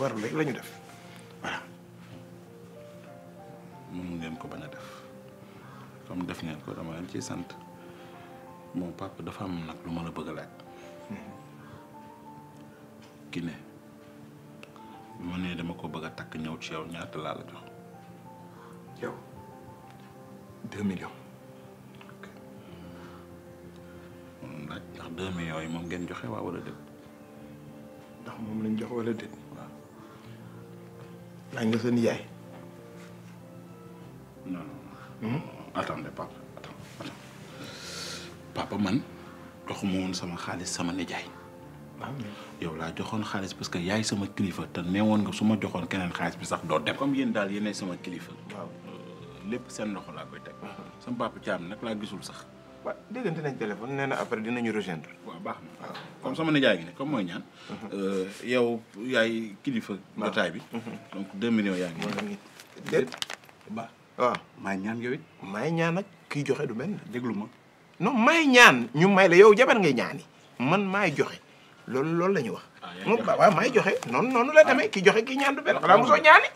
war rek la def voilà. mënu ngeen ko bañ a def comme def ngeen ko dama leen ciy sant mon papa dafa am nag lu ma la bëgg a laaj. Hmm. ki ne ma ne dama ko bëgg a takk ñëw ci yow ñaata laa la jox. yow deux millions. ok hmm, laaj ndax deux millions yi moom ngeen ndax moom lañ jox wala déet. yaa ngi seen yaay. non non. Hmm? attendez papa attends attends man joxuma woon sama xaalis sama nijaay. Ah, yow laa joxoon xaalis parce que yaay sama kilifa te neewoon nga su ma joxoon keneen xaalis bi sax doo dem. comme yéen daal yéenay sama kilifa. waaw euh, lépp seen loxo laa koy teg. Ah. sama papa Thiam nag laa gisul sax. waaw déggante nañ téléphone nee na après dinañu rejoindre. waaw baax na waaw comme sama nijaay gi ne comme mooy ñaan. Mhm. Euh, yow yaay kilifa. jotaay bi. Mhm. donc deux millions yaa ngi. déet ba ñaan yow it. ñaan ak kiy joxe du benn déglu ma. non maay ñaan ñu may la yow jabar ngay ñaani man maay joxe loolu loolu la ñu wax. ah waaw maay joxe noonu noonu la demee ah. ki joxe ki ñaan du benn ah. xanaa mosoo ñaani.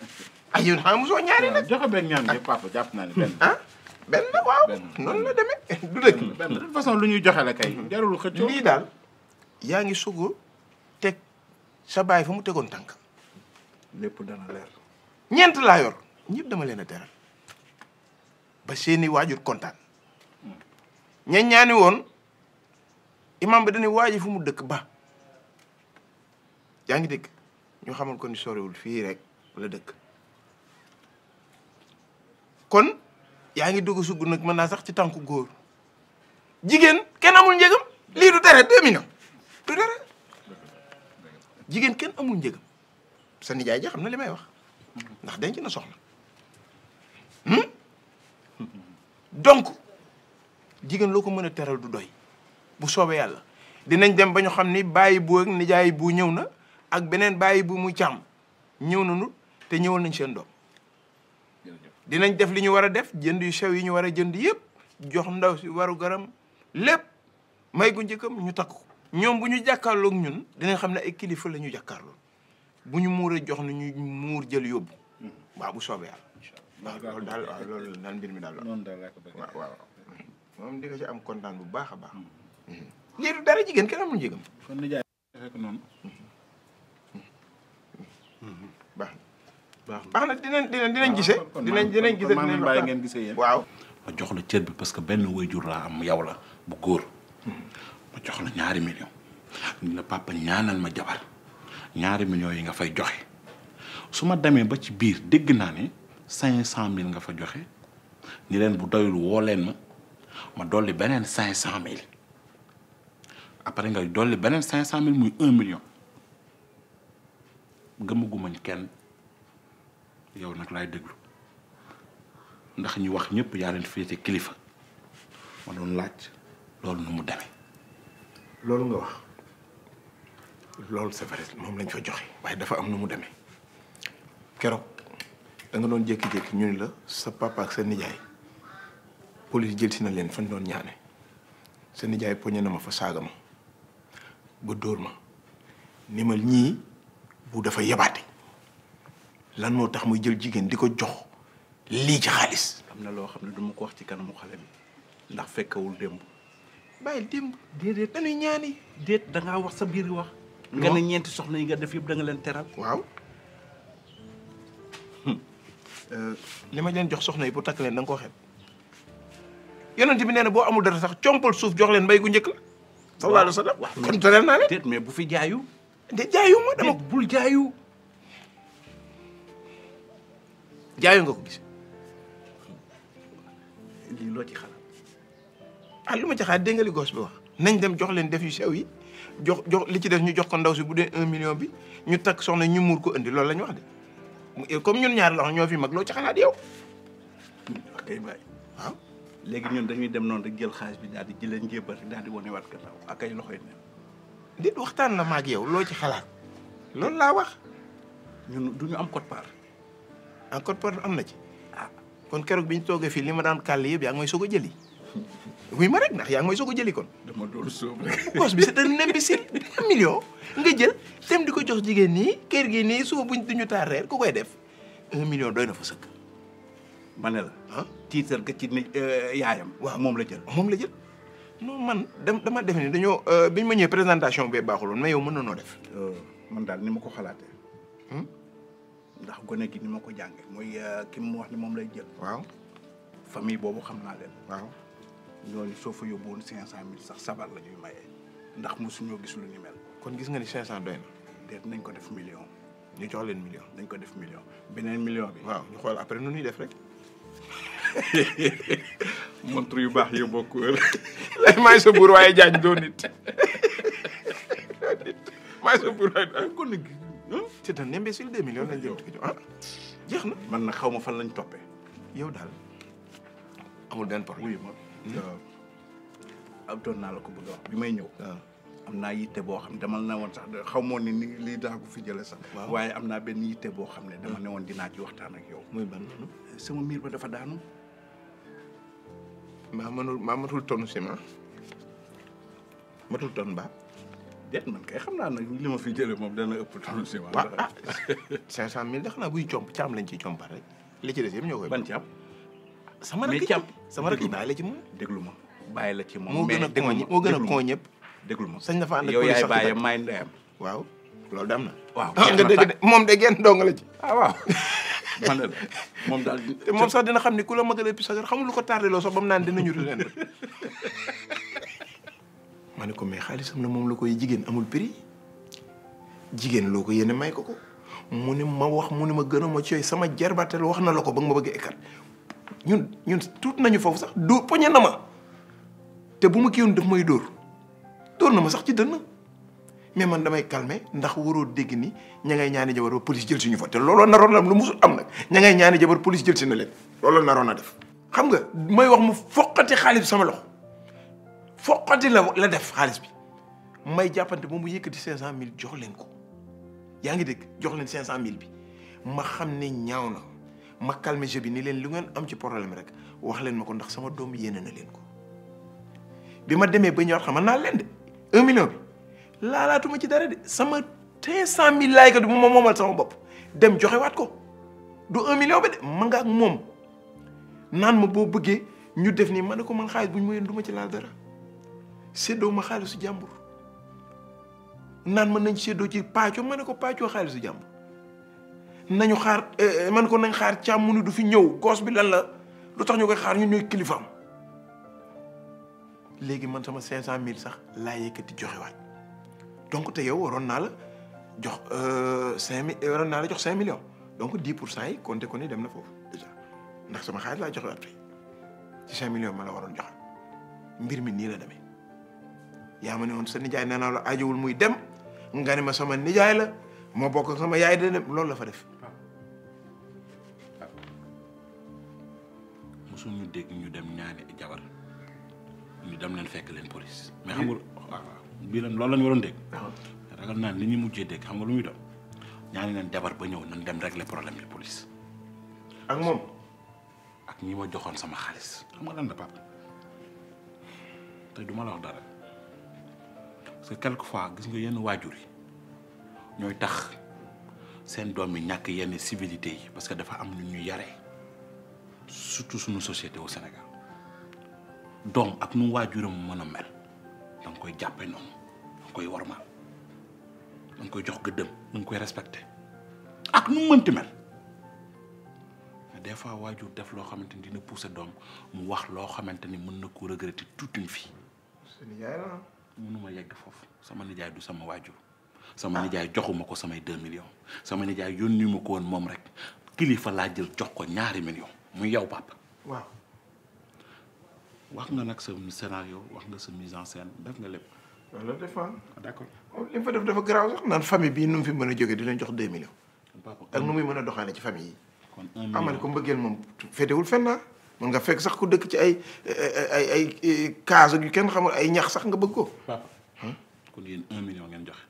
ay yow xanaa mosoo benn waaw noonu la demee du dëkk façon lu ñuy joxe la kay mm-hmm. jarul xëccoo lii daal yaa ngi sugg teg sa baay fa mu tegoon tànk lépp dana leer ñeent laa yor dama leen a teral ba seeni waajur kontaan mm. ñañ ñaani woon imam bi dañuy waaji fu mu dëkk ba yaa ngi dégg ñu xamal ko ni soriwul fii rek la dëkk kon yaa ngi dugg sugg nag mën naa sax ci tànku góor jigéen kenn amul njëgam lii du tere deux millions du tere jigéen kenn amul njëgam sa nijaay ji xam na li may wax ndax denc na soxna hmm? donc jigéen loo ko mën a teral du doy bu soobee yàlla dinañ dem ba ñu xam ni bàyyi nijaay bu ñëw na ak beneen bàyyi bu muy càmm ñëw nañu te ñëwal nañ seen doom dinañ def li ñu war a def jënd yu sew yi ñu war a jënd yëpp jox ndaw si waru garam lépp may gu njëkkam ñu takk ñoom bu ñu jàkkaarloog ñun dinañ xam ne ay kilifa la ñu jàkkaarloog bu ñu muuree jox na ñu muur jël yóbbu hmm. waaw bu soobee mbir mi daal waaw. noonu daal am kontaan bu baax a baax. lii hmm. du hmm. dara jigéen kenn amul njëgam. kon baax na dinañ dinañ dinañ gisee. dinañ dinañ gisee dinañ bàyyi ngeen gisee yéen waaw. ma jox la cër bi parce que benn waajur laa am yow la bu góor ma jox la ñaari million ni la papa ñaanal ma jabar ñaari millions yi nga fay joxe su ma demee ba ci biir dégg naa ne cinq cent mille nga fa joxe ni leen bu doyul woo leen ma ma dolli beneen cinq cent mille après nga dolli beneen cinq cent mille muy un million gëmaguma kenn. yow nag laay déglu ndax ñu wax ñépp yaa leen féete kilifa ma doon laaj loolu nu mu demee. loolu nga wax loolu c'est vrai moom lañ fa joxe waaye dafa am nu mu deme keroog danga doon jékki-jékki ñu ni la sa papa ak sa nijaay police jël na leen fan doon ñaane sa nijaay poñe na ma fa saaga ma ba dóor ma ni ma ñii bu dafa yebaate. lan moo tax muy jël jigéen di ko jox lii ci xaalis. am na loo xam ne du ma ko wax ci kanamu xale bi ndax fekkewul démb. bàyyi démb déedéet dañuy ñaani. déet da wax sa biir wax. nga ne ñeenti soxna yi nga def yëpp da leen teral. waaw. Euh, li ma leen jox soxna yi pour takk leen da nga ko xet yonent bi nee na boo amul dara sax compal suuf jox leen mbay gu njëkk la. sallallahu alayhi wa sallam naa leen. mais bu fi jaayu. de jaayu ma dama bul jaayu. jaayoo nga ko gis lii loo ci xalaat ah lu ma ci xalaat dégg bi wax nañ dem jox leen def yu sew yi jox jox li ci def ñu jox ko ndaw si bu dee un million bi ñu takk soxna ñu muur ko indi lool la ñu wax de comme ñun ñaar la ñoo fi mag loo ci xalaat yow. ok baay ah? léegi ñun dañuy dem noonu rek jël xaalis bi daal di jëlee njébbal daal di wanewaat gannaaw ak ay loxo yi neen. dit waxtaan la ma ak yow loo ci xalaat loolu laa wax. ñun du ñu am quote encore problème am na ci ah kon keroog bi ñu toogee fii li ma daan kàll yëpp yaa ngi may soog a jëli wuy ma rek ndax yaa ngi may soog a jëli kon. dama doon sóob rek. gos bi c'est un imbécile un million nga jël dem di ko jox jigéen nii kër gi nii suba buñ duñu taar reer ku koy def un million doy na fa sëkk. ma ne la ah tiital ka ci euh, yaayam. waaw moom la jël moom la jël. non man dama def ni dañoo euh, biñ ma ñëwee présentation bee baaxuloon mais yow mën na noo def. Euh, man daal ni ma ko xalaatee. Hmm? ndax gone gi ni ma ko jànge mooy euh, ki mu wax ne moom lay jël. waaw famille boobu xam naa leen. waaw ñooñu soo fa yóbbuwoon cinq cent mille sax sabar la ñuy maye ndax mosuñoo gis lu ni mel. kon gis nga ni cinq cent doy na. déet nañ ko def million. ñu jox leen million. nañ ko def million beneen million bi. waaw ñu xool après nu ñuy def rek. montre yu baax yu bokk wër. lay maay sa buur waaye jaañ doo nit. maay sa buur waaye doo c'est hmm? un imbécile deux millions lañ jëm di jeex na man na xaw ma fan lañ toppee yow daal amul benn problème wuyu ma ab naa la ko bëgg bi may ñëw ah. am naa yitte boo xam ne dama ne woon sax xaw moo ni lii daa fi jële sax waaye am naa benn yitte boo xam ne dama ah. ne woon dinaa ji waxtaan ak yow muy ban hmm? sama miir ba dafa daanu maa mënul maa matul tonn ciment matul tonn baa déet man kay xam naa nag li ma fi jëlee moom dana ëpp tonu si waaw ah cinq cent mille dax naa buy comp caam lañ ciy compar rek li ci des yëpp ñoo koy ban caam sama rakk caam sama rakk bàyyi la ci moom déglu ma bàyyi la ci moom moo gën a kooñ moo gën a kooñ ñëpp déglu ma sañ na fa ànd yow yaay bàyyam maay ndeyam waaw loolu dam na waaw nga dégg de moom de genn dong la ci ah waaw man la moom daal moom sax dina xam ni ku la magal a pisagar xamul lu ko tardé loo sax ba mu naan dinañu leen ma ne ko mais xaalisam na moom la koy jigéen amul prix jigéen loo ko yéene may ko ko mu ne ma wax mu ne ma gën a ma cooy sama jarbatel wax na la ko ba ma bëgg écart ñun ñun tuut nañu foofu sax dóor poñe na ma te bu ma kii woon may dóor dóor na ma sax ci dënn mais man damay calmer ndax waroo dégg ni ña ngay ñaani jabar ba police jël si ñu fa te looloo naroon na lu musul am ña ngay ñaani jabar police jël si na leen looloo naroon na def xam nga may wax mu foqati xaalis sama loxo foqati la la def xaalis bi may jàppante moom mu yëkkati cinq cent mille jox leen ko yaa ngi dégg jox leen cinq cent mille bi ma xam ne ñaaw na ma calme jeu bi ni leen lu ngeen am ci problème rek wax leen ma ko ndax sama doom yéene na leen ko bi ma demee ba ñëwaat xamal naa leen de un million bi laalaatuma ci dara de sama cinq cent mille laay ko du ma moomal sama bopp dem joxewaat ko du un million ba de ma moom naan ma boo bëggee ñu def nii ma ne ko man xaalis bu ñu ma du ma ci laal séddoo ma xaalisu jàmbur naan ma nañ séddoo ci pàcco ma ne ko pàccoo xaalisu jàmbur nañu xaar eh, man ko nañ xaar càmm ni du fi ñëw goos bi lan la lu tax ñu koy xaar ñu ñooy kilifaam léegi man sama cinq cent mille sax laa yëkkati joxewaat donc te yow waroon naa la jox euh, cinq mille waroon naa la jox cinq millions donc dix pour cent yi compté ko ni dem na foofu déjà ndax sama xaalis laa joxewaat fii ci cinq millions ma la waroon joxe mbir mi nii la demee yaa ma ne woon sa nijaay nee naa la ajowul muy dem nga ne ma sama nijaay la moo bokk sama yaay de dem loolu la fa def. Ah. mosul ñu dégg ñu dem ñaani jabar dem leen fekk leen police. mais ah, bii lan loolu la waroon dégg. Ah. naa li ñu mujjee dégg xam nga lu muy doon ñaani leen jabar ba ñëw nañ dem régler problème bi police. ak moom. ak ñi ma joxoon sama xaalis xam nga lan la papa parce que fois gis nga yenn waajur yi ñooy tax seen doom yi ñàkk yenn civilité yi parce que dafa am lu ñu yare surtout suñu société au Sénégal doom ak nu mu mën a mel da nga koy jàppe noonu nga koy warmal da nga koy jox gëddëm da nga koy respecté ak nu mënti mel mais des fois waajur def loo xamante ni dina pousser doom mu wax loo xamante ni mën na ko regretter toute fii ma yegg foofu sama nijaay du sama waajur sama jaay joxuma ko samay deux million sama nijaay yónni ma ko woon moom rek kilifa laa jël jox ko ñaari million muy yow papa. waaw wax nga nag sa scénario wax nga sa mise en scène def nga lépp. loolu ah, oh, dafa garaaw sax naan famille bii nu mu fi mën a jógee dinañ jox deux millions. ak nu muy mën a doxalee ci famille yi. kon ko mbëggeel moom féetewul fenn ah. mën nga fekk sax ku dëkk ci ay ay ay kaas ak yu kenn xamul ay ñax sax nga bëgg ko. kon ngeen joxe.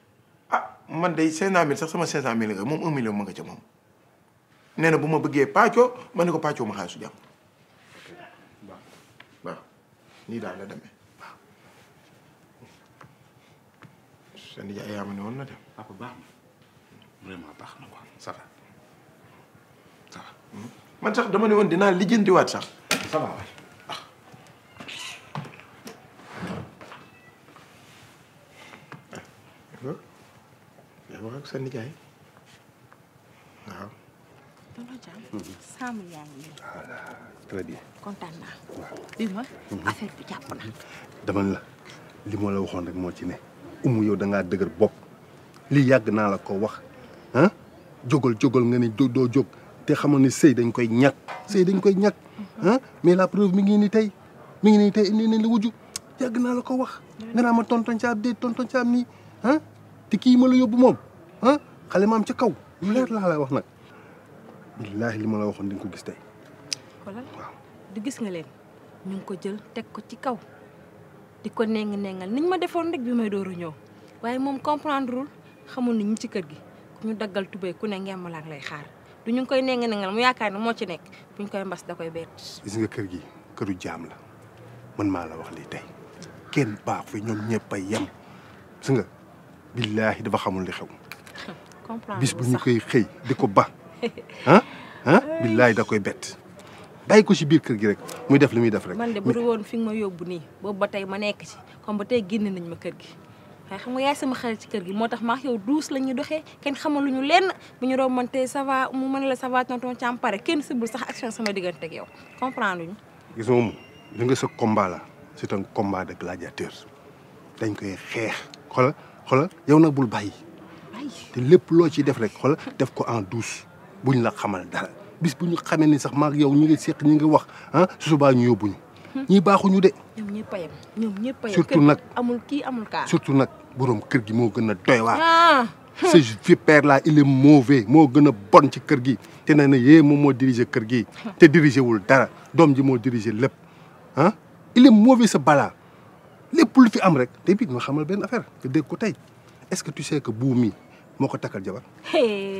ah man de cinq cent mille sax sama cinq cent mille nga moom un million ma nga ca moom nee na bu ma bëggee pàccoo ma ne ko pàccoo ma xaalisu jàmm. waaw waaw daal la dem. papa baax na vraiment baax hmm? man sax dama ne woon dinaa lijjantiwaat sax ça va waay ah. yaa wax ak sa nijaay waaw. tonton Thiam. Saamu yaa ngi nii. voilà très naa. bi ma affaire bi jàpp na. la li la waxoon rek moo ci ne umu yow da ngaa dëgër bopp lii yàgg naa la ko wax ah jógal jógal nga te xamoon ne sëy dañ koy ñàkk sëy dañ koy ñàkk ah mais la preuve mi ngi ni tey mi ngi ni tey indi nañ la wujju yàgg naa la ko wax nga naa ma tonton caab dee tonton caab nii ah, te kii ma la yóbbu moom ah xale maam ci kaw lu leer laa la wax nag billaahi li ma la waxoon di ko gis tey xoolal du gis nga leen ñu ngi ko jël teg ko ci kaw di ko neng nengal niñ ma defoon rek bi may dooru ñëw waaye moom comprendrewul xamul ni ñu ci kër gi ku ñu daggal tubéy ku ne ngemb laa lay xaar du ñu ngi koy neng nengal mu yaakaar ne moo ci nekk buñ koy mbas da koy bett. kër gi këru jaam la man maa la wax lii baax fi ñoom ñëpp a yem gis nga billaahi dafa xamul li xew. comprendre bis bu ñu koy xëy di ko ba ah ah billaahi da koy bett. bàyyi ko ci biir kër gi rek muy def li muy def rek. man de bu woon fi nga ma yóbbu nii boobu ba tey ma nekk ci comme ba tey génne nañ ma kër gi. waaye xam nga yaay sama xarit ci kër gi moo tax ma yow douce la ñuy doxee kenn ñu lenn bu ñu romantee ça va mu mën la ça va tonton Thiam pare kenn sibul sax action sama diggante ak yow comprendre ñu. gis nga moom li nga sa combat la c'est un combat de gladiateur dañ koy xeex xoolal xoolal yow nag bul bàyyi. te lépp loo ciy def rek xoolal def ko en douce buñ la xamal dara bis bu ñu xamee ni sax maak yow ñu ngi seq ñu ngi wax ah su subaa ñu yóbbuñu. ñii baaxuñu de. ñoom ñëpp a yem ñëpp surtout nag amul kii amul kaa surtout nag borom kër gi moo gën a doy waar. Ah. ce vipère là il est mauvais moo gën a bon ci kër gi te nee na yee moom moo diriger kër gi te diriger wul dara doom ji moo diriger lépp ah il est mauvais sa balaa lépp lu fi am rek te moo ma xamal benn affaire te dégg ko tey est-ce que tu sais que buum mi moo ko takkal jabar.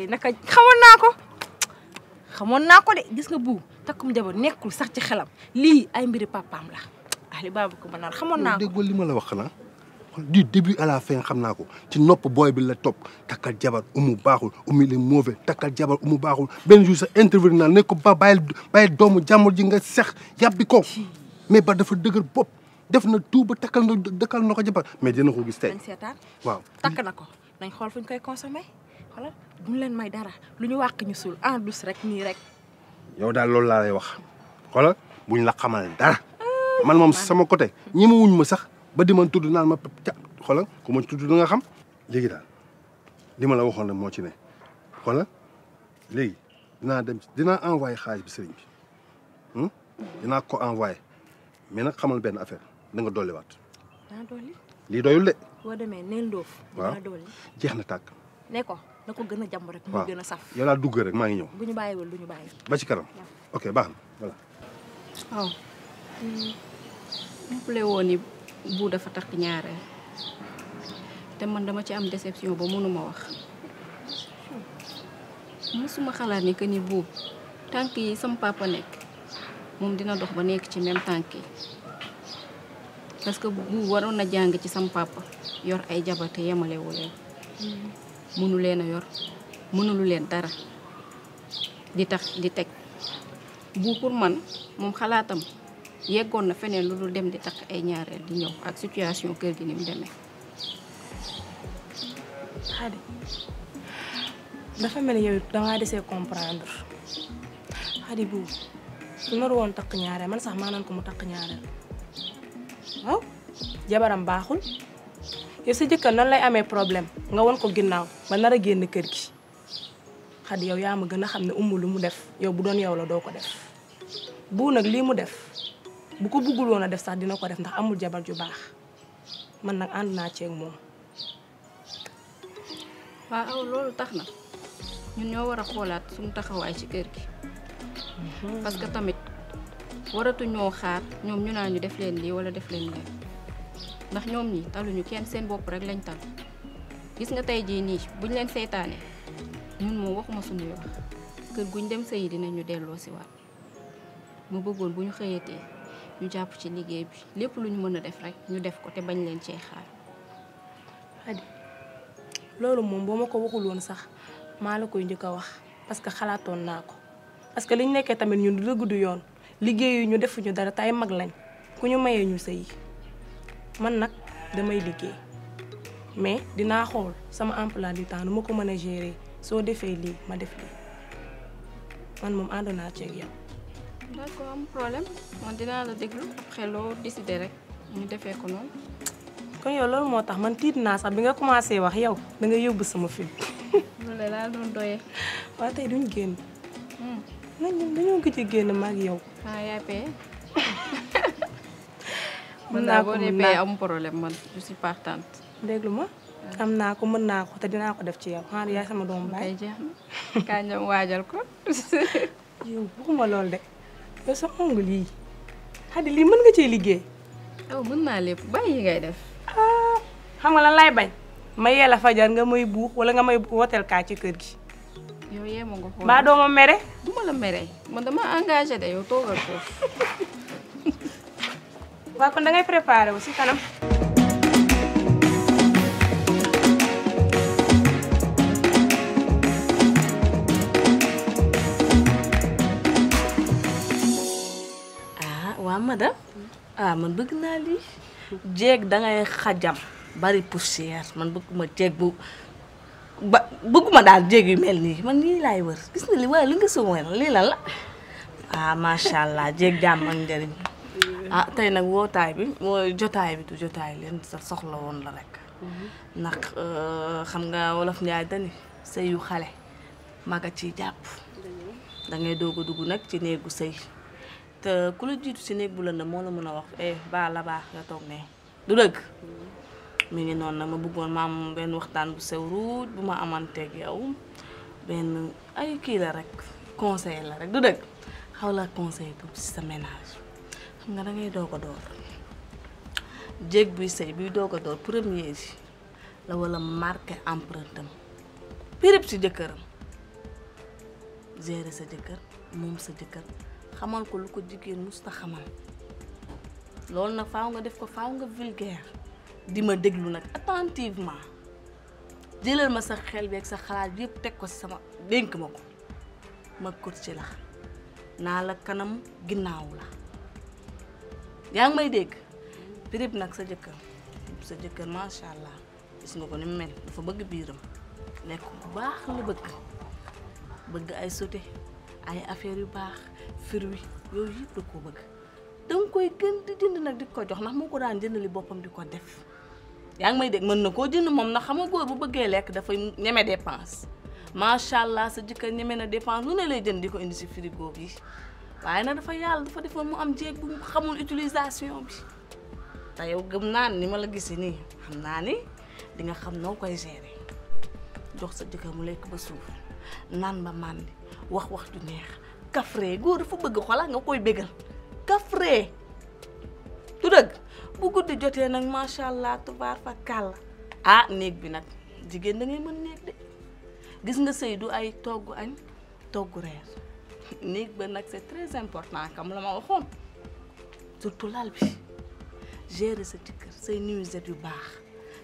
naka xamoon naa ko. xamoon naa ko de gis nga bu takkum jabar nekkul sax ci xelam lii ay mbiri papaam la ali baabu ko mënaan xamoon naa ko. déggoo li ma la wax xanaa du début à fin xam naa ko ci nopp booy bi la topp takkal jabar umu baaxul umu li mauvais takkal jabar umu baaxul benn jour sa intervenir naa ne ko ba bàyyil bàyyil doomu jàmbur ji nga sex yàbbi ko mais ba dafa dëgër bopp def na tout ba takkal na dëkkal na ko jabar mais dina ko gis tey. waaw takk na ko nañ xool koy consommer. xoolal duñ leen may dara lu ñu wàq ñu suul en douce rek nii rek. yow daal loolu laa lay wax xoolal buñ la xamal dara. Ah, man moom sama côté ñi ma wuñ ma sax ba di ma tudd naan ma ca xoolal ku ma tudd nga xam. léegi daal di ma la waxoon rek moo ci ne xoolal léegi dinaa dem dinaa envoyé xaalis bi sëriñ bi hmm? dinaa ko envoyé mais nag xamal benn affaire da nga dolliwaat. daa dolli. lii doyul de. jeex na tàkk. ne ko. na ko gën a jàmm rek. muy gën a saf yow dugg rek maa ngi ñëw. bu ñu bàyyiwul du ñu bàyyi. ba ci kanam ok baax na voilà. waaw oh. mu mm, ple woon ni bu dafa takk ñaareel te man dama ci am déception ba mënuma wax mësuma xalaat ni que ni buub tànk yi sama papa nekk moom dina dox ba nekk ci même tànk yi parce que buub waroon na jàng ci sama papa yor ay jabar te yemalewu mënu leen a yor mënulu leen dara di tax di teg bu pour man moom xalaatam yeggoon na feneen lu dul dem di takk ay ñaareel di ñëw ak situation kër gi ni mu deme Xadi dafa mel ni yow dangaa desee comprendre Xadi bu su naru woon takk ñaareel man sax maa naan ko mu takk ñaareel waaw jabaram baaxul. yow sa jëkkër nan lay amee problème nga won ko ginnaaw ba nar a génn kër gi xad yow yaa ma gën a xam ne umu lu mu def yow bu doon yow la doo ko def bu nag lii mu def bu ko buggul woon a def sax dina ko def ndax amul jabar ju baax man nag ànd naa ceeg moom. waaw aw loolu tax na ñun ñoo war a xoolaat suñu taxawaay ci kër gi. Mhm. parce que tamit waratuñoo xaar ñoom ñu naa ñu def leen lii wala def leen leen ndax ñoom ñi taluñu kenn seen bopp rek lañ tal gis nga tey jii nii buñ leen seytaane ñun moom waxuma suñuy wax kër guñ dem sëyi dinañu delloo si waat mu bëggoon bu ñu xëyee xëyatee ñu jàpp ci liggéey bi lépp lu ñu mën a def rek ñu def ko te bañ leen cee xaar. Xadi loolu moom boo ma ko waxul woon sax maa la koy njëkk a wax parce que xalaatoon naa ko parce que liñ nekkee tamit ñun du du yoon liggéeyu ñu defuñu dara te ay mag lañ ku ñu mayee ñu sëyi. man nag damay liggéey mais dinaa xool sama emploi du temps nu ma ko mën a gérer soo defee lii ma def lii man moom ànd naa ci ak yow. am problème man dinaa la déglu xeloo loo décidé rek ñu defee ko noonu. kon yow loolu moo tax man tiit naa sax bi nga commencé wax yow da nga yóbbu sama film. loolu laa doon doyee. waaw tey duñ génn. Hmm. nañ dañoo gëj a génn ma yow. Ah, mën naa ko mën naa problème man je suis partante. ma am naa ko mën naa ko te dinaa ko def ci yow xanaa yaay sama doom baay. jeex na waajal ko. lool de sa ongle yii lii mën nga cee liggéey. aw mën naa lépp bàyyi ngay def. Ah, xam nga la laay bay ma yee la fajar nga may buux wala nga may woteel kaa ci kër gi. yow yee ma doo ma mere. ma la man engagé de yow toogal ko. Ah, waaw kon da ngay préparé wu si kanam. ah waa madame ah man bëgg naa lii. jéeg da ngay xajam bari poussière man bëgguma jéeg bu ba bëgguma daal jéeg yu mel nii man nii laay wër gis li waaye li nga soo wër lii lan la ah macha allah jéeg jàmm ak njëriñ. ah tey nag wootaay bi mooy jotaay bi du jotaay leen sa soxla woon la rek mhm. ndax euh, xam nga wolof njaay dani sëy yu xale a ci jàpp mhm. da ngay doog a dugg nag ci néegu sëy te ku la jiitu ci néeg bu la na moo la mën a wax eh baa la baax nga toog ne du dëgg mhm. mi ngi noonu nag ma bëggoon ma benn waxtaan bu sew ruuj bu ma amanteeg yow benn ay kii la rek conseil la rek du dëgg xaw la conseil tuuti ci sa ménage xam nga da ngay doog a buy say buy doog a door premier ji la wala marqué empreinte am pirip si jëkkëram gérer sa jëkkër moom sa jëkkër xamal ko lu ko jigéen musta xamal loolu na faw nga def ko faw nga vulgaire di ma déglu nag attentivement jëlal ma sa xel beeg sa xalaat yëpp teg ko sama dénk ma ko ma kot ci la naa la kanam ginnaaw la yaa ngi may dégg Birib nag sa jëkkër sa jëkkër macha allah gis nga ko ni mu mel dafa bëgg biiram lekk bu baax la bëgg bëgg ay sauté ay affaire yu baax fruits yooyu yëpp da koo bëgg danga koy gën di jënd nag di ko jox ndax moo ko daan li boppam di ko def yaa ngi may dégg mën na koo jënd moom ndax xam nga góor bu bëggee lekk dafay ñeme dépense macha allah sa jëkkër ñeme na dépense lu ne lay jënd di ko indi si frigo yi waaye nag dafa yàlla dafa defoon mu am jéeg bu xamul utilisation bi te yow gëm naa ni ma la gisee nii xam naa ni di nga xam noo koy gérer jox sa jëkkër mu lekk ba suuf naan ba màndi wax wax ju neex kafre góor dafa bëgg xoolal nga koy bégal kafre du dëgg bu guddi jotee nag macha allah tubaar fa kàlla ah néeg bi nag jigéen da ngay mën néeg de gis nga sëy du ay togg añ togg reer néeg ba nag c'est très important kam la ma waxoon surtout lal bi gérer sa jëkkër say nuisette yu baax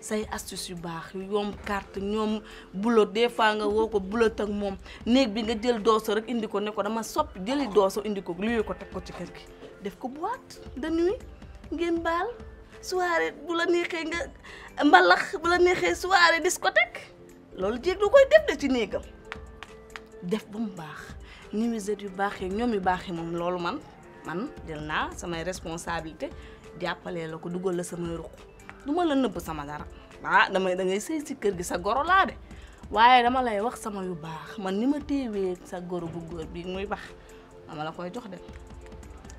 say astuce yu baax yoom carte ñoom bulo dee fois nga woo ko bulot ak moom néeg bi nga jël dooso rek indi ko ne ko dama soppi jëli dooso indi ko luyee ko teg ko ci kër gi def ko bu boîte de nuit ngeen baal soirée bu la neexee nga mbalax bu la neexee soirée discothèque loolu jéeg du koy def de ci néegam def ba mu baax nuisette yu baax yeeg ñoom yu baax yi moom loolu man man jël naa samay responsabilité jàppalee la ko dugal la samay ruq du ma la nëbb sama dara ah damay da ngay sëy si kër gi sa goro laa de waaye dama lay wax sama yu baax man ni ma téewee sa goro bu góor bi muy baax dama la koy jox de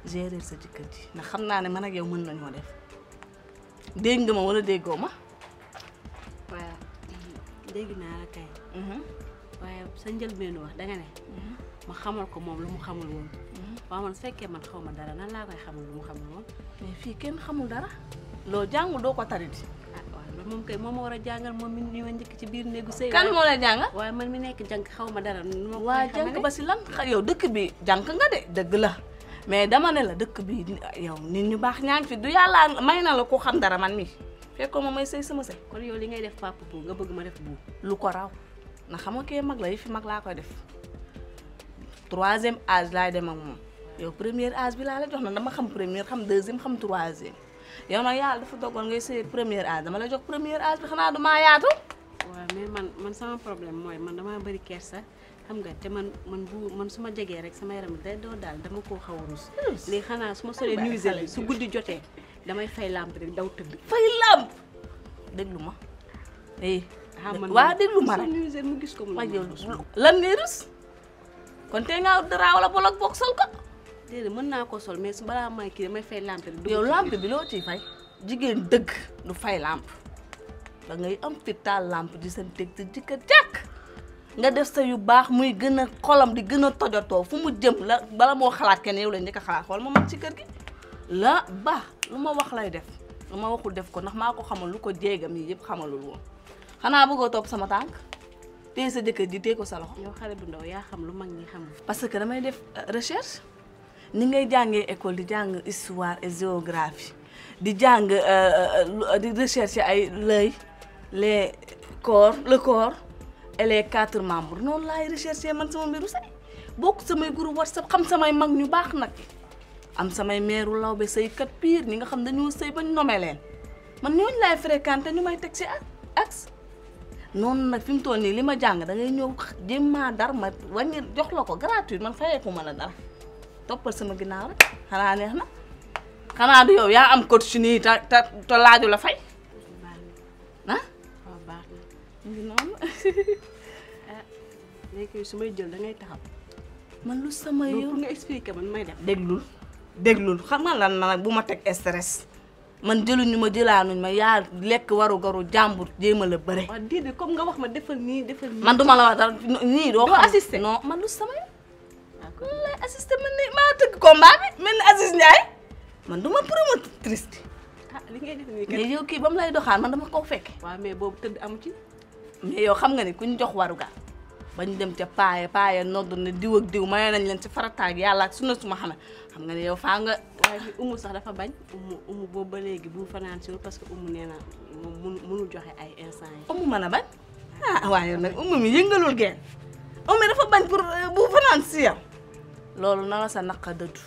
gérer sa jëkkër ji ndax xam naa ne man ak yow mën nañoo def dégg nga ma wala déggoo ma. waaye dégg naa la kay. Mhm. waaye sa njëlbeenu wax danga ne. Mhm. ma xamal ko moom lu mu xamul woon. Mhm. waaw man su fekkee man xaw ma dara nan laa koy xamal lu mu xamul woon. mais fii kenn xamul dara. loo jàngul doo ko tariti. ah waaw loolu moom ma war a jàngal moom mi ñu ma njëkk ci biir néegu sëy. kan moo la jàngal waaye man mi nekk jànk xaw ma dara. nu ma waa jànk ba si yow dëkk bi jànk nga de la. mais dama ne la dëkk bi yow nit ñu baax ñaa ngi fi du yàlla may na la ko xam dara man mi fekkoo ma may sëy sama sëy kon yow li ngay def papa bu nga bëgg ma def bu lu ko raw na xamoo ke mag la yi fi mag laa koy def troisième âge laay dem ak moom yow première âge bi laa la jox na dama xam première xam deuxième xam troisième yow na yàlla dafa dogoon ngay sëy première âge dama la jox première âge bi maa yaatu. waaw mais man man sama problème mooy man damaa bëri kersa xam nga te man man bu man su ma jegee rek sama yaram day doo daal dama koo xaw a rus. Hmm. xanaa su ma solee nuisel su guddi jotee damay fay lamp rek daw tëdd. fay lamp déglu ma. eh. ah man ma rek mu gis ko mu. lan ngay rus. kon tey ngaa dara wala bolok boog sol ko. déedéet mën naa ko sol mais su balaa may kii damay fay lampe bi. yow lampe bi loo ciy fay jigéen dëgg du fay làmp da ngay am fi làmp di seen teg te jikka jàkk nga def sa yu baax muy gën a xolam di gën a tojotoo fu mu jëm la bala moo xalaat kenn yow la njëkk a xalaat xool ma mag ci kër gi la baax lu ma wax lay def lu ma waxul def ko ndax maa ko xamal lu ko jéegam yi yëpp xamalul woon xanaa bëggoo topp sama tànk téye sa jëkkër ji téye ko sa loxo. yow xale bu ndaw yaa xam lu mag ñi xam. parce que damay def euh, recherche ni ngay jàngee école di jàng histoire et géographie di jàng euh, euh, di recherche ay lëy les corps le corps et les quatre membres noonu laay recherche man sama mbiru say bokk samay groupe whatsapp xam samay mag ñu baax nag am samay meeru lawbe kat piir ñi nga xam dañoo sëy bañ nome leen man ñooñu laay fréquenté ñu may teg ci axe noonu nag fi mu toll nii li ma jàng dangay ñëw jéem dar ma wàññi jox la ko gratuite man fayeeku ma la dara toppal sama ginnaaw rek xanaa neex na xanaa du yow yaa am coach nii te te te la fay ah? ah. léegi su may jël da ngay taxaw. man lu sama yow pour nga expliquer man may def. déglul déglul xam nga lan la nag bu ma teg stress. man jëluñu ma jëlaa nuñ ma yaa lekk waru garu jàmbur jéem a la bëre. waaw ah, déedéet comme nga wax ma defal nii defal nii. man duma la wax dara nii doo. doo assister non man lu sama yoon. d'accord man lay assister man ne maa tëgg combat bi mel ni Aziz Ndiaye man duma promotrice. ah li ngay nii kat kii ba mu lay doxaan man dama koo fekke. waaw mais boobu tëdd amu ci. mais yow xam nga ni ku ñu jox waru gaal. bañ dem ca paaya paaya nodd ne diw ak diw maye nañ leen ci farataag yàlla ak sunna su ma xamee xam ne yow faa nga. waaye umu sax dafa bañ. umu boobu ba léegi bu mu fanaan si parce que umu nee na moom joxe ay instant yi. umu mën a bañ ah waaye nag umu mi yëngalul geen umu eh, na sa naqa dëddu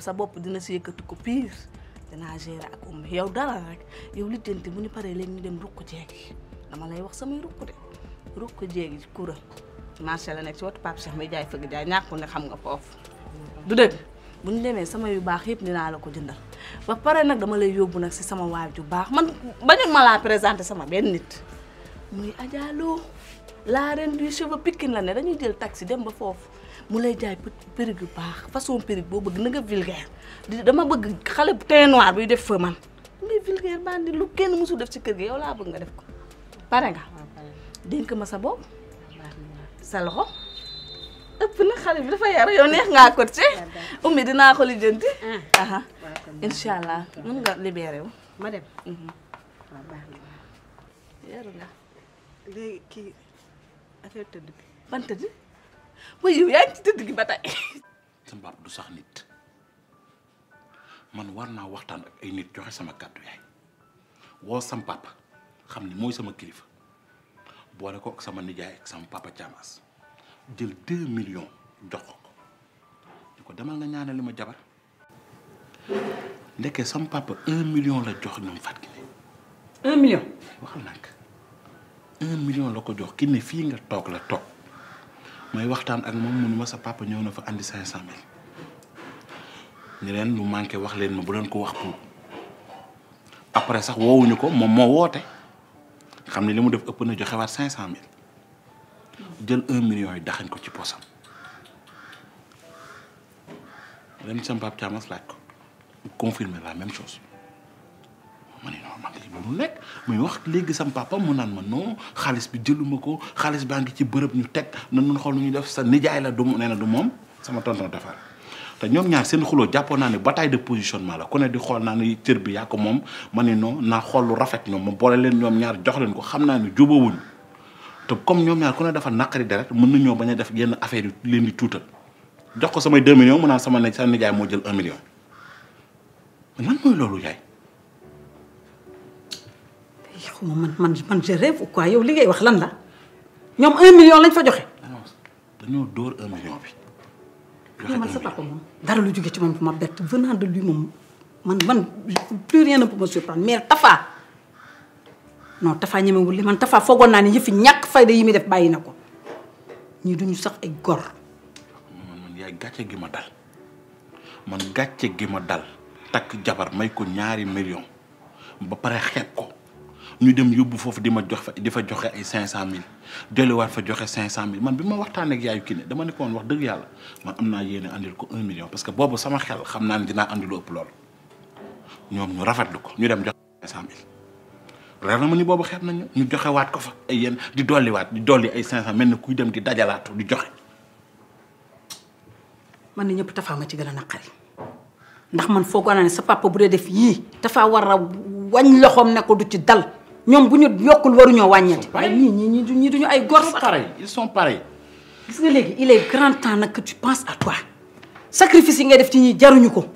sa bopp dina si yëkkati ko ak umu yow dara yow lijjanti bu ñu paree léegi ñu dem ruq jeeg dama lay wax samay ruq jéegi kura marché la nekk ci wetu Pape Cheikh muy jaay fëgg jaay ñàkkul ne xam nga foofu du dëgg bu ñu demee sama yu baax yëpp dinaa la ko jëndal ba pare nag dama lay yóbbu nag si sama waay ju baax man bañ ma laa présenté sama benn nit muy Adja Lo la reine du cheveu la ne dañuy jël taxi dem ba foofu mu lay jaay perruque yu baax façon perruque boo bëgg na nga vulgaire dama bëgg xale ten noir buy def fa man ngay vulgaire bandi lu kenn mësul def ci kër gi yow laa bëgg nga def ko dénk ma sa bopp sa loxo ëpp na xale bi dafa yar yow neex ngaa ko ah, ci ummi dinaa ko lijjanti. Ah. aha incha allah mën nga libéré ma dem. Mhm. waaw baax nga kii affaire tëdd bi ban tëdd ba yow yaa ngi tëdd gi ba tey. sama du sax nit man war naa waxtaan ay nit joxe sama kàddu yaay woo sama xam ne mooy sama kilifa. boole ko sama nijaay ak sama papa Thiamas jël deux millions jox ko demal nga ñaanal li ma jabar ndeke sama papa un million la jox ñoom fat ki ne un million la ko jox ki ne fii nga toog la toog may waxtaan ak moom mu ne sa papa ñëw na fa andi cinq cent mille ñu leen lu manqué wax leen ma bu leen ko wax pour après sax woowuñu ko moom moo woote xam ne li mu def ëpp na joxewaat cinq cent mille jël un million yi daxañ ko ci poosam dem laaj ko confirmer la même chose ma ne muy wax léegi sam papa mu naan ma non xaalis bi jëluma ko xaalis baa ngi ci bërëb ñu teg na nun xool nu ñu def sa nijaay la du nee na du moom sama tonton defar te ñoom ñaar seen xuloo jàppoon naa ne bataille de positionnement la ku ne di xool naa ne cër bi yaa ko moom ma ne non naa xool lu rafet ñoom ma boole leen ñoom ñaar jox leen ko xam naa ne te comme ñoom ñaar ku ne dafa naqari deret mën nañoo bañ a def yenn affaire yu leen di jox ko samay 2 millions mu sama ne sa nijaay moo jël 1 million man mooy eh, yow li ngay wax lan la ñoom 1 lañ fa joxe. dañoo dóor 1 million bi. mais man sa papa moom dara lu jóge ci man bu ma bett venant de lui mo man man plus rien ne peut me surprendre mais Tafa non Tafa ñemewul li man Tafa foogoon naa ne yëfi ñàkk fayda yi muy def bàyyi na ko ñii duñu sax ay gor. man man yaay gàcce gi ma dal man gàcce gi ma dal takk jabar may ko ñaari million ba pare xeeb ko. ñu dem yóbbu foofu di ma jox fa di fa joxe ay cinq cent mille delluwaat fa joxe cinq cent mille man bi ma waxtaan ak yaayu Kiné dama ne ko woon wax dëgg yàlla man am naa yéene andil ko un boobu xam naa ne dinaa andi lu ñoom ñu rafetlu ko ñu dem joxe cinq cent na ma ni boobu xeet nañu ñu joxewaat ko fa ay yéen di dolliwaat di dolli ay cinq cent mel ni kuy dem di dajalaatu di joxe man ni ñëpp tafaa ma ci gën a naqari ndax man foogoo sa papa bu dee def yii tafaa war a wañ loxoom ne ko du ci dal ñoom bu ñu yokkul waruñoo wàññeeti. waaye ñii ñii ñii duñu ay gor sax. pareil ils sont pareils. gis nga léegi il est grand temps nag que tu penses à toi sacrifice yi ngay def ci ñi jaruñu ko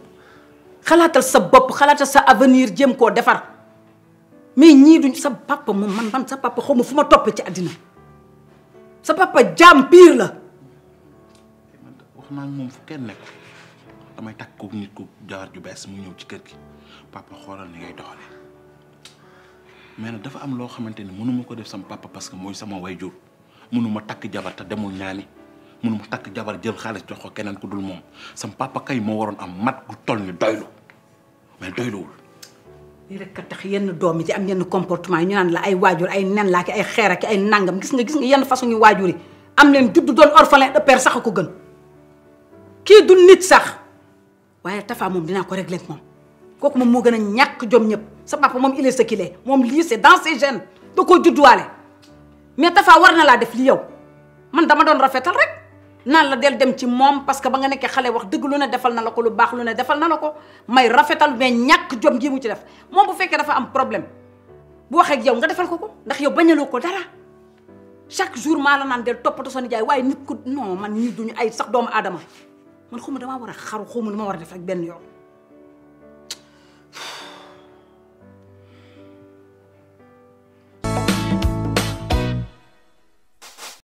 xalaatal sa bopp xalaatal sa avenir jéem koo defar mais ñii duñ sa papa moom man man sa papa xaw ma fu ma toppee ci àddina sa papa jaam pire la. wax naa moom fu kenn nekk damay takk ko nit ku jaar ñëw ci kër gi papa xoolal ni ngay mais nag dafa am loo xamante ne mënuma ko def sama papa parce que mooy sama wayjur mënuma takk jabar te demul ñaani mënuma takk jabar jël xaalis jox ko keneen ku dul moom sama papa kay moo waroon am mat gu toll ni doylu mais doyluwul. lii rek ka tax yenn doom yi ci am yenn comportement yi ñu naan la ay waajur ay nen laa ki ay xeer ak ay nangam gis nga gis nga yenn façon yu waajur yi am leen juddu doon orphelin de père sax a ko gën kii du nit sax waaye Tafa moom dinaa ko réglé ak moom kooku moom moo gën a ñàkk jom ñëpp. sa papa moom il sa ce moom lii c'est dans ses gènes da koo judduwaale mais Tafa war na laa def li yow man dama doon rafetal rek naan la del dem ci moom parce que ba nga nekkee xale wax dëgg lu ne defal na la ko lu baax lu ne defal na la ko may rafetal mais ñàkk jom ji mu ci def moom bu fekkee dafa am problème bu waxee ak yow nga defal ko ko ndax yow bañaloo ko dara chaque jour maa la naan del toppatoo sa nijaay waaye nit ku non man ñii duñu ay sax aadama man xaw ma damaa war a xaw ma lu ma war a def rek benn yoon.